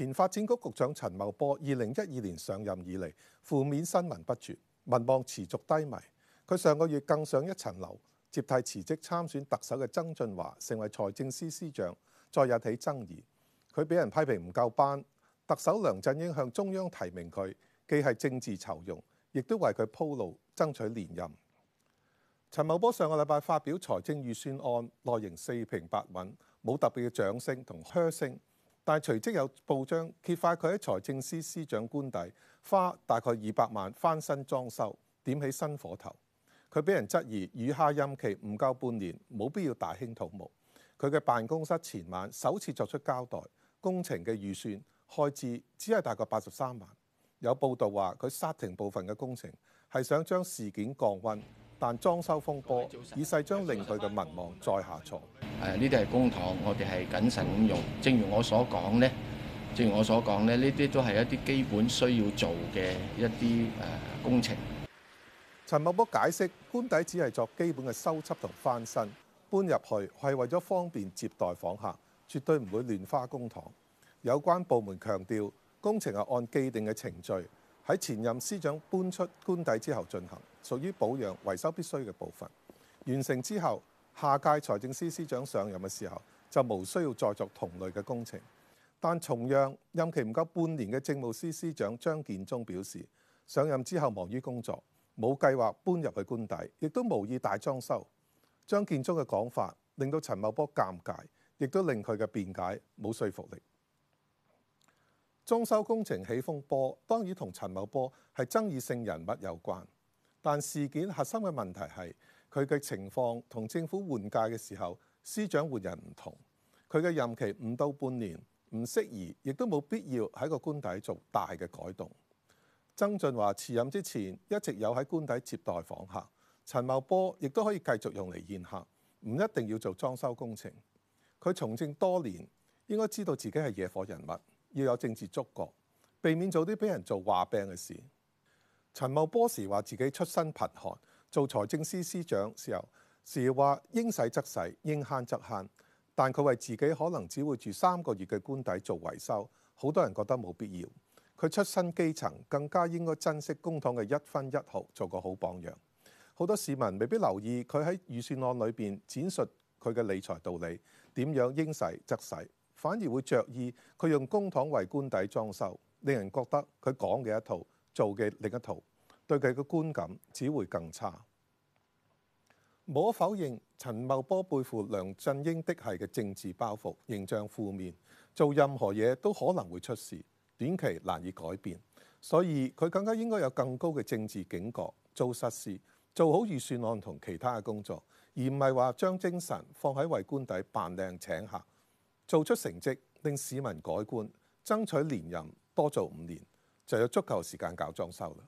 前發展局局長陳茂波，二零一二年上任以嚟，負面新聞不絕，民望持續低迷。佢上個月更上一層樓，接替辭職參選特首嘅曾俊華，成為財政司司長，再引起爭議。佢俾人批評唔夠班，特首梁振英向中央提名佢，既係政治酬庸，亦都為佢鋪路爭取連任。陳茂波上個禮拜發表財政預算案，內容四平八穩，冇特別嘅掌聲同噓聲。但係隨即有報章揭發佢喺財政司司長官邸花大概二百萬翻新裝修，點起新火頭。佢俾人質疑餘下任期唔夠半年，冇必要大興土木。佢嘅辦公室前晚首次作出交代，工程嘅預算開支只係大概八十三萬。有報導話佢殺停部分嘅工程係想將事件降溫。但裝修風波，以勢將令佢嘅民望再下挫。誒，呢啲係公帑，我哋係謹慎咁用。正如我所講咧，正如我所講咧，呢啲都係一啲基本需要做嘅一啲誒工程。陳茂波解釋，官邸只係作基本嘅修葺同翻新，搬入去係為咗方便接待訪客，絕對唔會亂花公帑。有關部門強調，工程係按既定嘅程序，喺前任司長搬出官邸之後進行，屬於保養維修必須嘅部分。完成之後，下屆財政司司長上任嘅時候就無需要再做同類嘅工程。但同樣，任期唔夠半年嘅政務司司長張建宗表示，上任之後忙於工作，冇計劃搬入去官邸，亦都無意大裝修。張建宗嘅講法令到陳茂波尷尬，亦都令佢嘅辯解冇說服力。裝修工程起風波，當然同陳茂波係爭議性人物有關，但事件核心嘅問題係佢嘅情況同政府換屆嘅時候司長換人唔同。佢嘅任期唔到半年，唔適宜，亦都冇必要喺個官邸做大嘅改動。曾俊華辭任之前一直有喺官邸接待訪客，陳茂波亦都可以繼續用嚟宴客，唔一定要做裝修工程。佢從政多年，應該知道自己係惹火人物。要有政治觸覺，避免做啲俾人做話柄嘅事。陳茂波時話自己出身貧寒，做財政司司長時候，時話應使則使，應慳則慳。但佢為自己可能只會住三個月嘅官邸做維修，好多人覺得冇必要。佢出身基層，更加應該珍惜公帑嘅一分一毫，做個好榜樣。好多市民未必留意佢喺預算案裏面展述佢嘅理財道理，點樣應使則使。反而會着意佢用公帑為官邸裝修，令人覺得佢講嘅一套做嘅另一套，對佢嘅觀感只會更差。冇可否認，陳茂波背負梁振英的係嘅政治包袱，形象負面，做任何嘢都可能會出事，短期難以改變。所以佢更加應該有更高嘅政治警覺，做實事，做好預算案同其他嘅工作，而唔係話將精神放喺為官邸扮靚請客。做出成績，令市民改觀，爭取連任多做五年，就有足夠時間搞裝修啦。